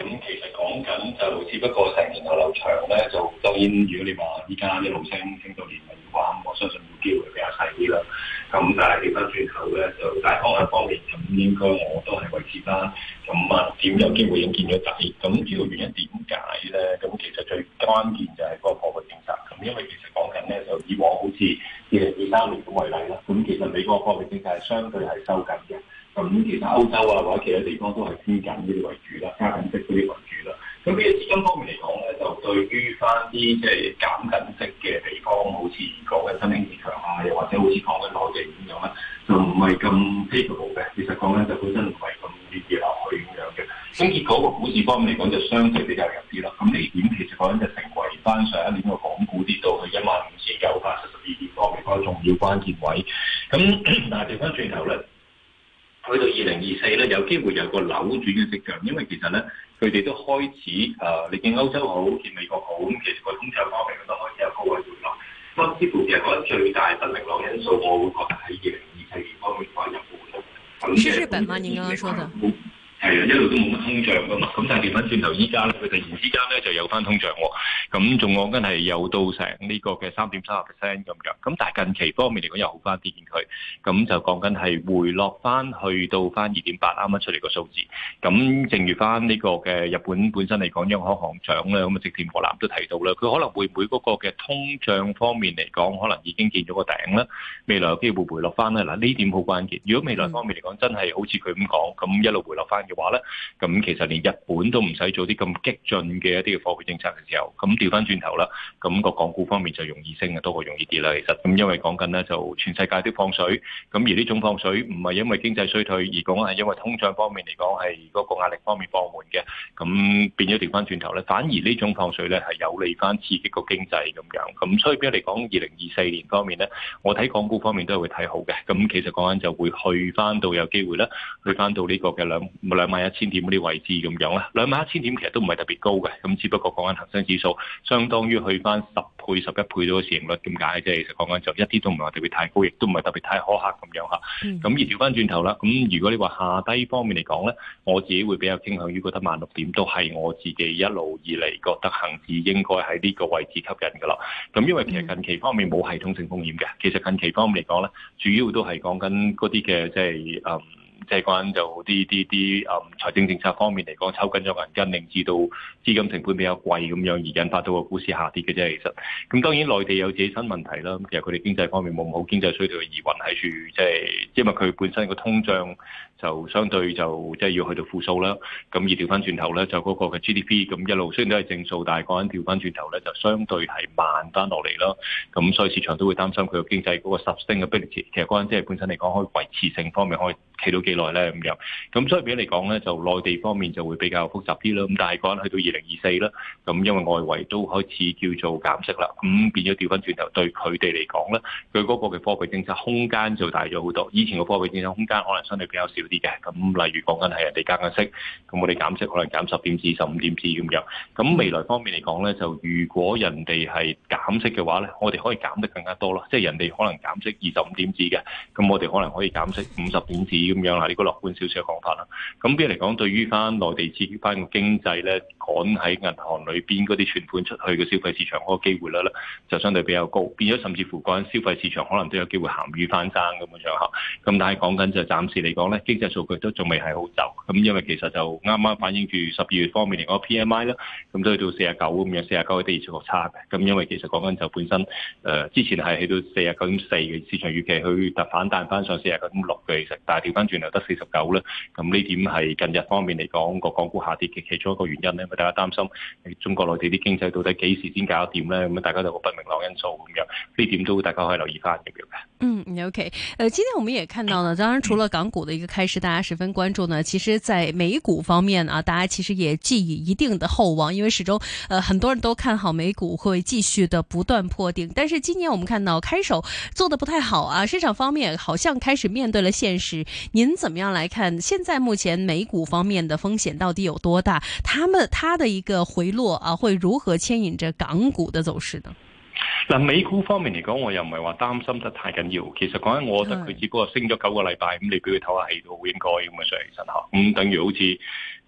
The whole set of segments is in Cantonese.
咁其實講緊就，只不過成年流流長咧，就當然如果你話依家一路升升到年尾嘅話，我相信機會比較細啲啦。咁但係你返轉頭咧，就大方向方面，咁應該我都係維持啦。咁啊，點有機會影見咗仔？咁主要原因點解咧？咁其實最關鍵就係嗰個貨幣政策。咁因為其實講緊咧，就以往好似二零二三年咁為例啦。咁其實美國貨幣政策係相對係收緊嘅。咁其實歐洲啊，或者其他地方都係偏緊呢啲為主啦，加緊息嗰啲為主啦。咁呢個資金方面嚟講咧，就對於翻啲即係減緊息嘅地方，好似而講嘅新興市場啊，又或者好似講緊內地咁樣咧，就唔係咁 favourable 嘅。其實講呢，就本身唔係咁熱落去咁樣嘅。咁結果個股市方面嚟講，就相對比較弱啲啦。咁呢點其實講緊就成為翻上一年個港股跌到去一萬五千九百七十二點方面嗰個重要關鍵位。咁但係，調翻轉頭咧。去到二零二四咧，有機會有個扭轉嘅跡象，因為其實咧，佢哋都開始啊、呃，你見歐洲好，見美國好，咁其實個通脹方面都開始有高位回落。不過似乎其實我覺得最大不明朗因素，我會覺得喺二零二四年方面反而係日本好。咁是，是日本嗎？嗯、你剛剛說的？係啊，一路都冇乜通脹噶嘛，咁但係調翻轉頭依家咧，佢突然之間咧就有翻通脹喎，咁仲講緊係有到成呢個嘅三點三啊 percent 咁樣，咁但係近期方面嚟講又好翻啲見佢，咁就講緊係回落翻去到翻二點八啱啱出嚟個數字，咁正如翻呢個嘅日本本身嚟講央行行長咧，咁啊植田和男都提到咧，佢可能會唔會嗰個嘅通脹方面嚟講，可能已經見咗個頂啦，未來有機會回落翻咧，嗱呢點好關鍵。如果未來方面嚟講真係好似佢咁講，咁一路回落翻。嘅話咧，咁其實連日本都唔使做啲咁激進嘅一啲嘅貨幣政策嘅時候，咁調翻轉頭啦，咁個港股方面就容易升嘅多過容易跌啦。其實咁因為講緊咧就全世界都放水，咁而呢種放水唔係因為經濟衰退而講，係因為通脹方面嚟講係嗰個壓力方面放緩嘅，咁變咗調翻轉頭咧，反而呢種放水咧係有利翻刺激個經濟咁樣。咁所以比較嚟講，二零二四年方面咧，我睇港股方面都係會睇好嘅。咁其實講緊就會去翻到有機會啦，去翻到呢個嘅兩冇兩。兩萬一千點嗰啲位置咁樣啦，兩萬一千點其實都唔係特別高嘅，咁只不過講緊恒生指數相當於去翻十倍、十一倍到嘅市盈率點解？即係其實講緊就一啲都唔係特別太高，亦都唔係特別太苛刻咁樣嚇。咁而調翻轉頭啦，咁如果你話下低方面嚟講咧，我自己會比較傾向於覺得萬六點都係我自己一路以嚟覺得恒指應該喺呢個位置吸引噶啦。咁因為其實近期方面冇系統性風險嘅，其實近期方面嚟講咧，主要都係講緊嗰啲嘅即係誒即係講緊就啲啲啲誒財政政策方面嚟講，抽緊咗銀根，令至到資金成本比較貴咁樣，而引發到個股市下跌嘅啫。其實，咁當然內地有自己新問題啦。其實佢哋經濟方面冇咁好，經濟衰退疑混喺處，即係因為佢本身個通脹就相對就即係要去到負數啦。咁而調翻轉頭咧，就嗰個嘅 GDP 咁一路雖然都係正數，但係講緊調翻轉頭咧就相對係慢返落嚟啦。咁所以市場都會擔心佢個經濟嗰個 sustainability，其實講緊即係本身嚟講可以維持性方面可以企到幾耐咧咁樣，咁所以，譬如嚟講咧，就內地方面就會比較複雜啲咯。咁但係講緊去到二零二四啦，咁因為外圍都開始叫做減息啦，咁變咗調翻轉頭，對佢哋嚟講咧，佢嗰個嘅貨幣政策空間就大咗好多。以前個貨幣政策空間可能相對比較少啲嘅。咁例如講緊係人哋加緊息，咁我哋減息可能減十點至十五點至咁樣。咁未來方面嚟講咧，就如果人哋係減息嘅話咧，我哋可以減得更加多咯。即係人哋可能減息二十五點至嘅，咁我哋可能可以減息五十點至咁樣。個樂呢個樂觀少少嘅講法啦，咁變嚟講，對於翻內地刺激翻個經濟咧，趕喺銀行裏邊嗰啲存款出去嘅消費市場嗰個機會率咧，就相對比較高，變咗甚至乎講緊消費市場可能都有機會鹹魚翻生咁嘅場合。咁但係講緊就暫時嚟講咧，經濟數據都仲未係好走。咁因為其實就啱啱反映住十二月方面嚟講 P M I 啦，咁都去到四啊九咁樣，四啊九嘅第二數據差嘅，咁因為其實講緊就本身誒、呃、之前係去到四啊九點四嘅市場預期去 6,，佢突反彈翻上四啊九點六嘅，其實但係調翻轉啊！得四十九咧，咁呢點係近日方面嚟講，個港股下跌嘅其中一個原因呢，咁大家擔心，中國內地啲經濟到底幾時先搞掂呢？咁樣大家就有個不明朗因素咁樣，呢點都大家可以留意翻咁樣嘅。嗯，OK，誒，今天我們也看到呢，當然除了港股的一個開始，大家十分關注呢，其實在美股方面啊，大家其實也寄予一定的厚望，因為始終，誒、呃，很多人都看好美股會繼續的不斷破頂，但是今年我們看到開手做得不太好啊，市場方面好像開始面對了現實，您。怎麼樣來看？現在目前美股方面的風險到底有多大？他們他的一個回落啊，會如何牽引着港股的走勢呢？嗱，美股方面嚟講，我又唔係話擔心得太緊要。其實講緊，我覺得佢只不過升咗九個禮拜，咁的你俾佢唞下氣都應該咁上嚟身吓，咁等於好似。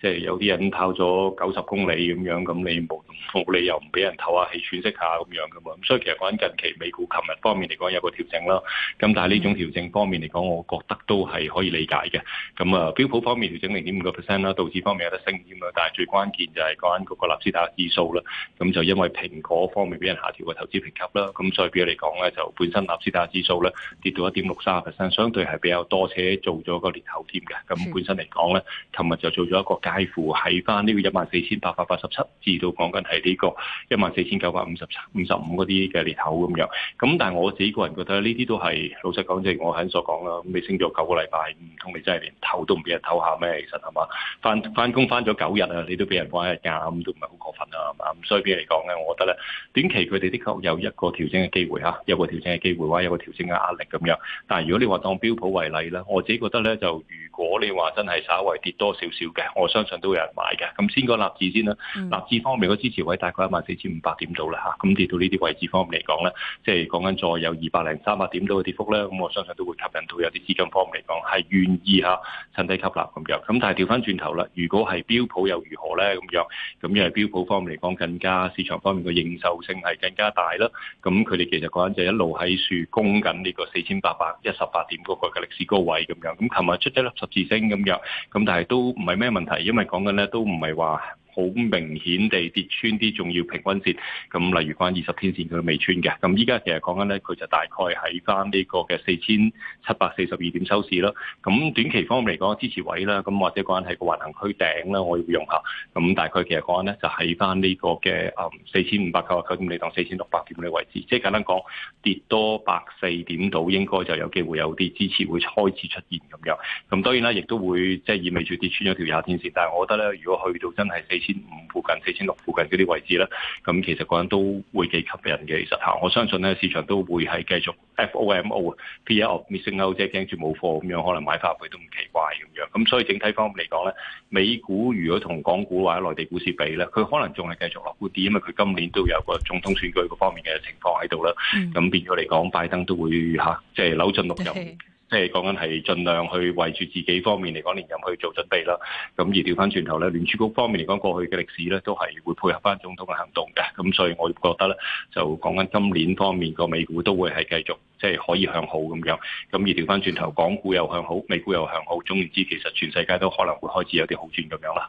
即係有啲人跑咗九十公里咁樣，咁你冇冇理由唔俾人唞下氣喘息下咁樣噶嘛？咁所以其實講緊近期美股琴日方面嚟講有個調整啦。咁但係呢種調整方面嚟講，我覺得都係可以理解嘅。咁啊，標普方面調整零點五個 percent 啦，道指方面有得升添啦。但係最關鍵就係講緊嗰個納斯達克指數啦。咁就因為蘋果方面俾人下調個投資評級啦。咁所以比較嚟講咧，就本身納斯達克指數咧跌到一點六三啊 percent，相對係比較多且做咗個年後添嘅。咁本身嚟講咧，琴日就做咗一個。介乎係翻呢個一萬四千八百八十七至到講緊係呢個一萬四千九百五十五十五嗰啲嘅裂口咁樣，咁但係我自己個人覺得呢啲都係老實講，即係我喺所講啦，你升咗九個禮拜，唔通你真係連唞都唔俾人唞下咩？其實係嘛，翻翻工翻咗九日啊，你都俾人放一日假，咁都唔係好過分啦，係嘛？咁所以俾你講咧，我覺得咧短期佢哋的確有一個調整嘅機會嚇，有個調整嘅機會或者有個調整嘅壓力咁樣。但係如果你話當標普為例咧，我自己覺得咧就如果你話真係稍為跌多少少嘅，我想。相信都會有人買嘅，咁先講納指先啦。納指方面，個支持位大概一萬四千五百點到啦嚇，咁跌到呢啲位置方面嚟講咧，即係講緊再有二百零三百點到嘅跌幅咧，咁我相信都會吸引到有啲資金方面嚟講係願意下趁低吸納咁樣。咁但係調翻轉頭啦，如果係標普又如何咧？咁樣，咁因為標普方面嚟講更加市場方面嘅認受性係更加大啦。咁佢哋其實講緊就一路喺樹供緊呢個四千八百一十八點嗰個嘅歷史高位咁樣。咁琴日出一粒十字星咁樣，咁但係都唔係咩問題。因為講緊咧，都唔係話。好明顯地跌穿啲重要平均線，咁例如關二十天線佢都未穿嘅，咁依家其實講緊咧，佢就大概喺翻呢個嘅四千七百四十二點收市咯。咁短期方面嚟講，支持位啦，咁或者講緊係個橫行區頂啦，我要用下。咁大概其實講緊咧，就喺翻呢個嘅誒四千五百九十九點，你當四千六百點嘅位置，即係簡單講跌多百四點度，應該就有機會有啲支持會開始出現咁樣。咁當然啦，亦都會即係、就是、意味住跌穿咗條廿天線，但係我覺得咧，如果去到真係四千五附近，四千六附近嗰啲位置啦，咁其實個人都會幾吸引嘅。其實嚇，我相信咧，市場都會係繼續 FOMO，fear of missing out 即係驚住冇貨咁樣，可能買翻去都唔奇怪咁樣。咁所以整體方面嚟講咧，美股如果同港股或者內地股市比咧，佢可能仲係繼續落啲，因為佢今年都有個總統選舉嗰方面嘅情況喺度啦。咁變咗嚟講，拜登都會嚇，即、啊、係、就是、扭盡六壬。即係講緊係盡量去為住自己方面嚟講連任去做準備啦，咁而調翻轉頭咧，聯儲局方面嚟講過去嘅歷史咧都係會配合翻總統嘅行動嘅，咁所以我覺得咧就講緊今年方面個美股都會係繼續即係可以向好咁樣，咁而調翻轉頭港股又向好，美股又向好，總而言之其實全世界都可能會開始有啲好轉咁樣啦。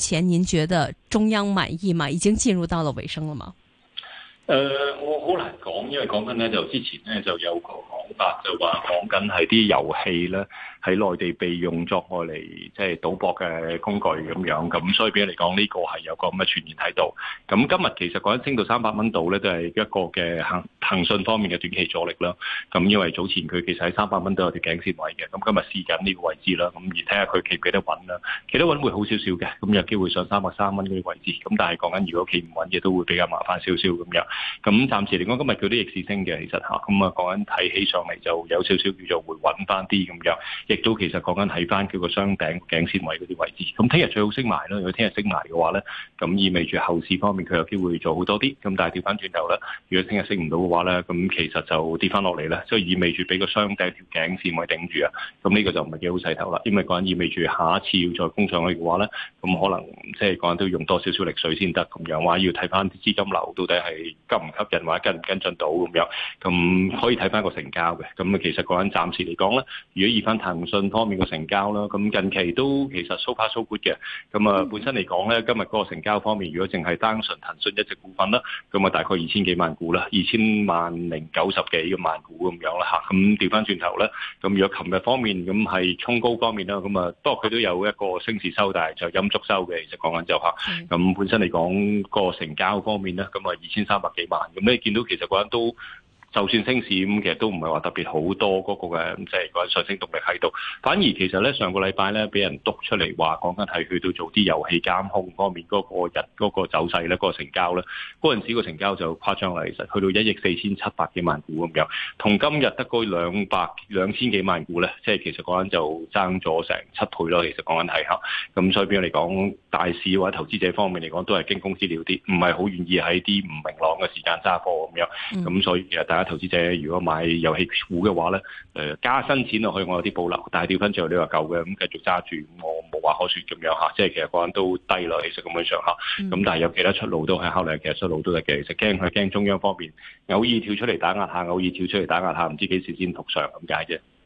目前，您覺得中央滿意嗎？已經進入到了尾聲了嗎？誒、呃，我好難講，因為講緊呢，就之前呢，就有個講法，就話講緊係啲遊戲啦。喺內地被用作我嚟，即係賭博嘅工具咁樣，咁所以俾你講呢個係有個咁嘅傳言喺度。咁今日其實講緊升到三百蚊度咧，都係一個嘅騰騰訊方面嘅短期阻力啦。咁因為早前佢其實喺三百蚊都有條頸線位嘅，咁今日試緊呢個位置啦，咁而睇下佢企唔企得穩啦。企得穩會好少少嘅，咁有機會上三百三蚊嗰啲位置。咁但係講緊如果企唔穩嘅，都會比較麻煩少少咁樣。咁暫時嚟講，今日叫啲逆市升嘅，其實嚇咁啊，講緊睇起上嚟就有少少叫做會穩翻啲咁樣。亦都其實講緊睇翻佢個雙頂,頂、頸線位嗰啲位置。咁聽日最好升埋咯。如果聽日升埋嘅話咧，咁意味住後市方面佢有機會做好多啲。咁但係調翻轉頭咧，如果聽日升唔到嘅話咧，咁其實就跌翻落嚟咧，即係意味住俾個雙頂條頸線位頂住啊。咁呢個就唔係幾好勢頭啦。因為講緊意味住下一次要再攻上去嘅話咧，咁可能即係講緊都用多少少力水先得咁樣。話要睇翻啲資金流到底係吸唔吸引，或者跟唔跟進到咁樣。咁可以睇翻個成交嘅。咁其實講緊暫時嚟講咧，如果以翻騰訊方面個成交啦，咁近期都其實 so far so good 嘅，咁啊本身嚟講咧，今日個成交方面，如果淨係單純騰訊一隻股份啦，咁啊大概二千幾萬股啦，二千萬零九十幾個萬股咁樣啦吓，咁調翻轉頭啦，咁如果琴日方面咁係沖高方面啦，咁啊不過佢都有一個升市收大，就陰足收嘅，其實講緊就吓，咁本身嚟講個成交方面啦，咁啊二千三百幾萬，咁你見到其實個人都。就算升市咁，其實都唔係話特別好多嗰個嘅，即係嗰上升動力喺度。反而其實咧，上個禮拜咧，俾人督出嚟話，講緊係去到做啲遊戲監控方面嗰、那個日嗰、那個走勢咧，嗰、那個成交咧，嗰陣時個成交就誇張啦。其實去到一億四千七百幾萬股咁樣，同今日得嗰兩百兩千幾萬股咧，即係其實講緊就爭咗成七倍咯。其實講緊係嚇，咁所以變咗嚟講，大市或者投資者方面嚟講，都係驚公司了啲，唔係好願意喺啲唔明朗嘅時間揸貨咁樣。咁所以其實大投資者如果買遊戲股嘅話咧，誒加新錢落去，我有啲保留。但係調翻轉，你話夠嘅咁繼續揸住，我冇話可説咁樣嚇。即係其實個人都低落其實咁樣上下，咁但係有其他出路都係考慮其實出路都得嘅。其實驚佢驚中央方面偶爾跳出嚟打壓下，偶爾跳出嚟打壓下，唔知幾時先復上。咁解啫。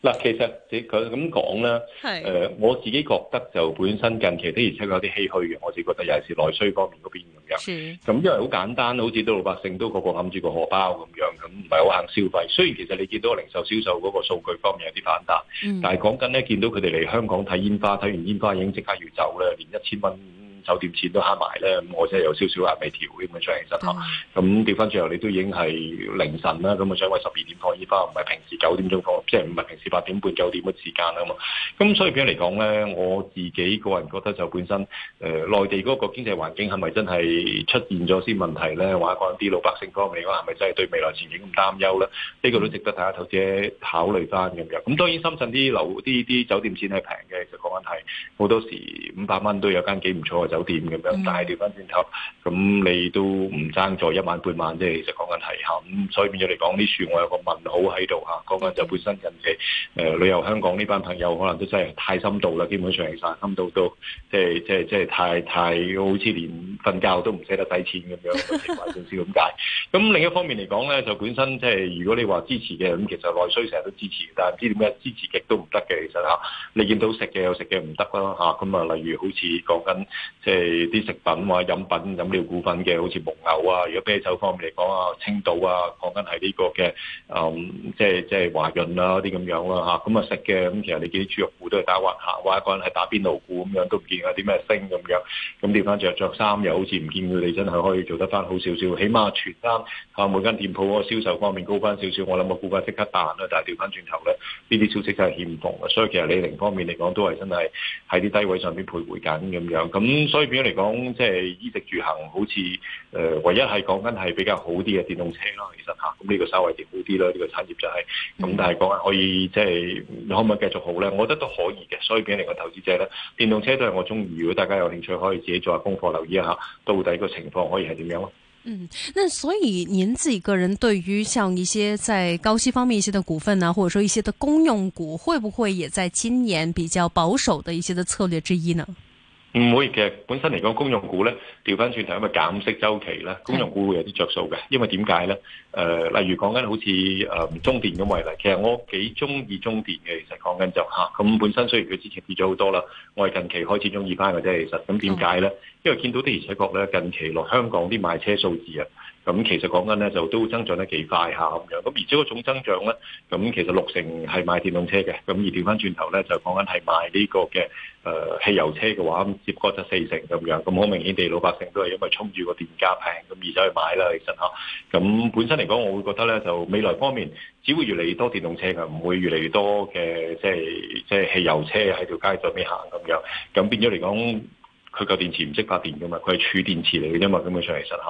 嗱，其實即佢咁講咧，我自己覺得就本身近期的，而且確有啲唏噓嘅。我自己覺得又係是內需方面嗰邊咁樣。咁是因為好簡單，好似啲老百姓都個個揞住個荷包咁樣，咁唔係好肯消費。雖然其實你見到零售銷售嗰個數據方面有啲反彈，但係講緊咧，見到佢哋嚟香港睇煙花，睇完煙花已經即刻要走喇，連一千蚊。酒店錢都慳埋咧，咁我真係有少少壓力調咁嘅上勢啦。咁調翻最後，你都、嗯、已經係凌晨啦。咁我想話十二點放煙花，唔係平時九點鐘放，即係唔係平時八點半、九點嘅時間啦嘛。咁所以點樣嚟講咧？我自己個人覺得就本身，誒、呃、內地嗰個經濟環境係咪真係出現咗啲問題咧？或者講啲老百姓方面講係咪真係對未來前景咁擔憂咧？呢個都值得大家投資者考慮翻咁樣。咁當然深圳啲樓、啲啲酒店錢係平嘅，其實講緊係好多時五百蚊都有間幾唔錯。酒店咁樣，但係調翻轉頭，咁你都唔爭在一晚半晚。即係其實講緊提鴻，咁所以變咗嚟講，呢處我有個問號喺度嚇，講緊就本身人哋誒旅遊香港呢班朋友可能都真係太深度啦，基本上是、就是就是、太太其實深度到即係即係即係太太好似連瞓覺都唔捨得使錢咁樣，還是唔知點解。咁另一方面嚟講咧，就本身即、就、係、是、如果你話支持嘅，咁其實內需成日都支持的，但係唔知點解支持極都唔得嘅，其實嚇你見到食嘅又食嘅唔得啦嚇，咁啊例如好似講緊。即係啲食品、話飲品、飲料股份嘅，好似蒙牛啊；如果啤酒方面嚟講啊，青島啊，講緊係呢個嘅，嗯，即係即係華潤啊嗰啲咁樣啦嚇。咁、就是、啊，這這啊嗯、食嘅咁其實你見啲豬肉股都係打橫行，或者一個人係打邊爐股咁樣都唔見有啲咩升咁樣。咁調翻着着衫，又好似唔見佢哋真係可以做得翻好少少。起碼全單啊，每間店鋪個銷售方面高翻少少，我諗個股價即刻彈啦。但係調翻轉頭咧，呢啲消息真係欠奉啊。所以其實李寧方面嚟講，都係真係喺啲低位上邊徘徊緊咁樣。咁、嗯所以說，變咗嚟講，即係衣食住行好，好似誒，唯一係講緊係比較好啲嘅電動車咯。其實吓，咁、這、呢個稍微好點好啲啦、呢、這個產業就係、是、咁。但係講可以即係、就是、可唔可以繼續好咧？我覺得都可以嘅。所以，變咗嚟講，投資者咧，電動車都係我中意。如果大家有興趣，可以自己做一下功課，留意一下到底個情況可以係點樣咯。嗯，那所以您自己個人對於像一些在高息方面一些嘅股份呢、啊，或者說一些的公用股，會不會也在今年比較保守的一些嘅策略之一呢？唔會，其實本身嚟講公用股咧，調翻轉頭因為減息周期呢，公用股會有啲著數嘅。的因為點解咧？誒、呃，例如講緊好似誒、呃、中電咁為例，其實我幾中意中電嘅。其實講緊就咁、啊、本身，雖然佢之前跌咗好多啦，我係近期開始中意翻嘅啫。其實咁點解咧？為呢的因為見到的而且確咧，近期落香港啲買車數字啊。咁其實講緊咧就都增長得幾快下咁樣，咁而且個總增長咧，咁其實六成係賣電動車嘅，咁而掉返轉頭咧就講緊係賣呢個嘅、呃、汽油車嘅話，咁接過得四成咁樣，咁好明顯地老百姓都係因為衝住個電價平咁而走去買啦，其實嚇。咁本身嚟講，我會覺得咧就未來方面，只會越嚟越多電動車嘅，唔會越嚟越多嘅即係即係汽油車喺條街上面行咁樣。咁變咗嚟講。佢個電池唔識發電嘅嘛，佢係儲電池嚟嘅啫嘛，根本上其實嚇，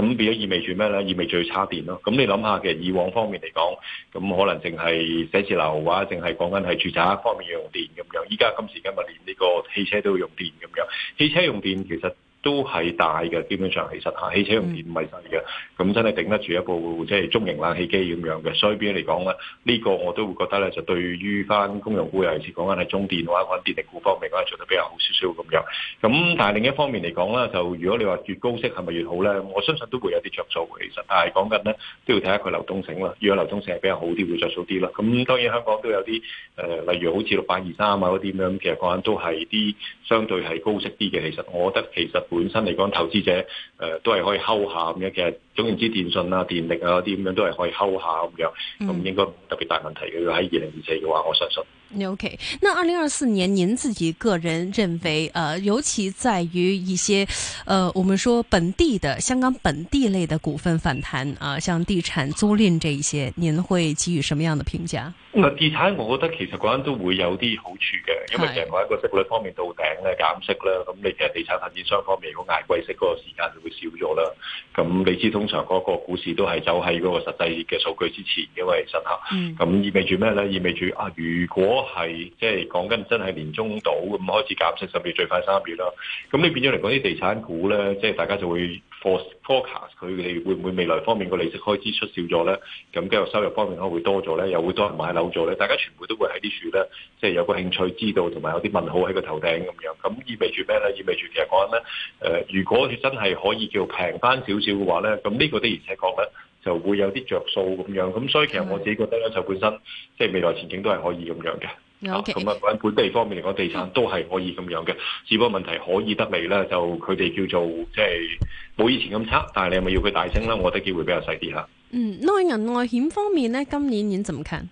咁變咗意味住咩咧？意味住要叉電咯。咁你諗下，其實以往方面嚟講，咁可能淨係寫字樓或者，淨係講緊係住宅方面要用電咁樣。依家今時今日連呢個汽車都要用電咁樣，汽車用電其實。都係大嘅，基本上其實嚇，汽車用電唔係細嘅，咁、mm. 真係頂得住一部即係、就是、中型冷氣機咁樣嘅。所以邊嚟講咧，呢、這個我都會覺得咧，就對於翻公用股尤其是講緊係中電嘅話，揾電力股方面講係做得比較好少少咁樣。咁但係另一方面嚟講咧，就如果你話越高息係咪越好咧，我相信都會有啲着數其實，但係講緊咧都要睇下佢流動性啦，如果流動性係比較好啲，會着數啲啦。咁當然香港都有啲誒、呃，例如好似六百二三啊嗰啲咁，其實講緊都係啲相對係高息啲嘅。其實，我覺得其實。本身嚟講，投資者誒、呃、都係可以睺下咁樣嘅。總言之，電信啊、電力啊嗰啲咁樣都係可以收下咁樣，咁、嗯、應該唔特別大問題嘅。如果喺二零二四嘅話，我相信。O、okay. K，那二零二四年，您自己個人認為，呃，尤其在於一些，呃，我們說本地的香港本地類嘅股份反彈啊、呃，像地產租賃這一些，您會給予什麼樣嘅評價？嗱、嗯，地產我覺得其實嗰陣都會有啲好處嘅，因為其實喺一個息率方面到頂咧，減息啦。咁的你其實地產發展商方面如果捱貴息嗰個時間就會少咗啦，咁、嗯、你知通。通常嗰個股市都係走喺嗰個實際嘅數據之前，因為實客，咁意味住咩咧？意味住啊，如果係即係講緊真係年中到咁開始減息，甚至最快三月啦，咁你變咗嚟講，啲地產股咧，即係大家就會 forecast 佢哋會唔會未來方面個利息開支出少咗咧？咁跟住收入方面可能會多咗咧，又會多人買樓咗咧，大家全部都會喺啲處咧，即係有個興趣知道同埋有啲問號喺個頭頂咁樣，咁意味住咩咧？意味住其實講緊咧，誒、呃，如果真係可以叫平翻少少嘅話咧，咁呢個的而且確咧，就會有啲着數咁樣，咁所以其實我自己覺得咧，就本身即係未來前景都係可以咁樣嘅。好。咁啊，喺本地方面嚟講，地產都係可以咁樣嘅，只不過問題可以得嚟咧，就佢哋叫做即係冇以前咁差，但係你係咪要佢大升啦，我覺得機會比較細啲啦。嗯，內銀內險方面咧，今年已經咁強？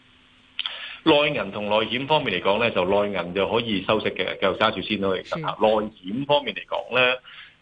內銀同內險方面嚟講咧，就內銀就可以收息嘅，繼續揸住先咯。其實吓內險方面嚟講咧。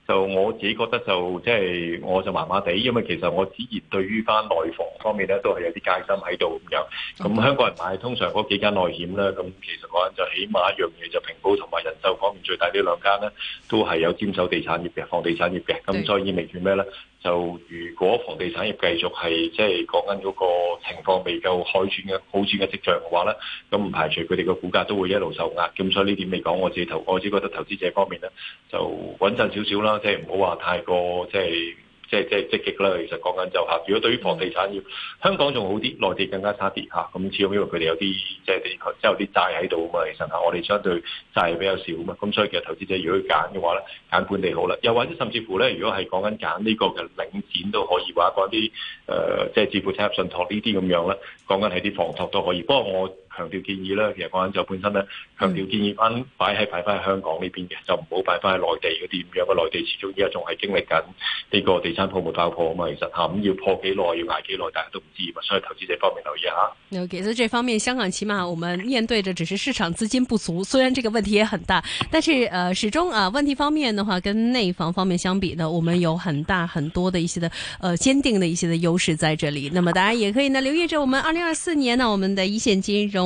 就我自己覺得就即係、就是、我就麻麻地，因為其實我之前對於翻內房方面咧，都係有啲戒心喺度咁樣。咁香港人買通常嗰幾間內險咧，咁其實講就起碼一樣嘢就平保同埋人壽方面最大兩呢兩間咧，都係有沾手地產業嘅、房地產業嘅。咁所以意味住咩咧？就如果房地產業繼續係即係講緊嗰個情況未夠改善嘅好轉嘅跡象嘅話咧，咁唔排除佢哋嘅股價都會一路受壓。咁所以呢點嚟講，我自己投我自己覺得投資者方面咧就穩陣少少啦，即係唔好話太過即係。就是即係即係積極啦，其實講緊就嚇，如果對於房地產業、嗯、香港仲好啲，內地更加差啲嚇。咁始終因為佢哋有啲即係啲即係有啲債喺度啊嘛，其實嚇我哋相對債比較少啊嘛，咁所以其實投資者如果要揀嘅話咧，揀本地好啦，又或者甚至乎咧，如果係講緊揀呢個嘅領展都可以話，嗰啲誒即係置富產業信託呢啲咁樣咧，講緊係啲房託都可以。不過我強調建議啦，其實講緊就本身呢，強調建議翻擺喺擺翻喺香港呢邊嘅，就唔好擺翻喺內地嗰啲咁樣嘅內地，地始終依家仲係經歷緊呢個地產泡沫爆破啊嘛，其實嚇咁要破幾耐，要捱幾耐，大家都唔知嘛，所以投資者方面留意下。其實、okay，這方面，香港起碼我們面對的只是市場資金不足，雖然這個問題也很大，但是呃始終啊、呃、問題方面的話，跟內房方面相比呢，我們有很大很多的一些的呃堅定的一些的優勢在這裡。那麼大家也可以呢留意着，我們二零二四年呢我們的一線金融。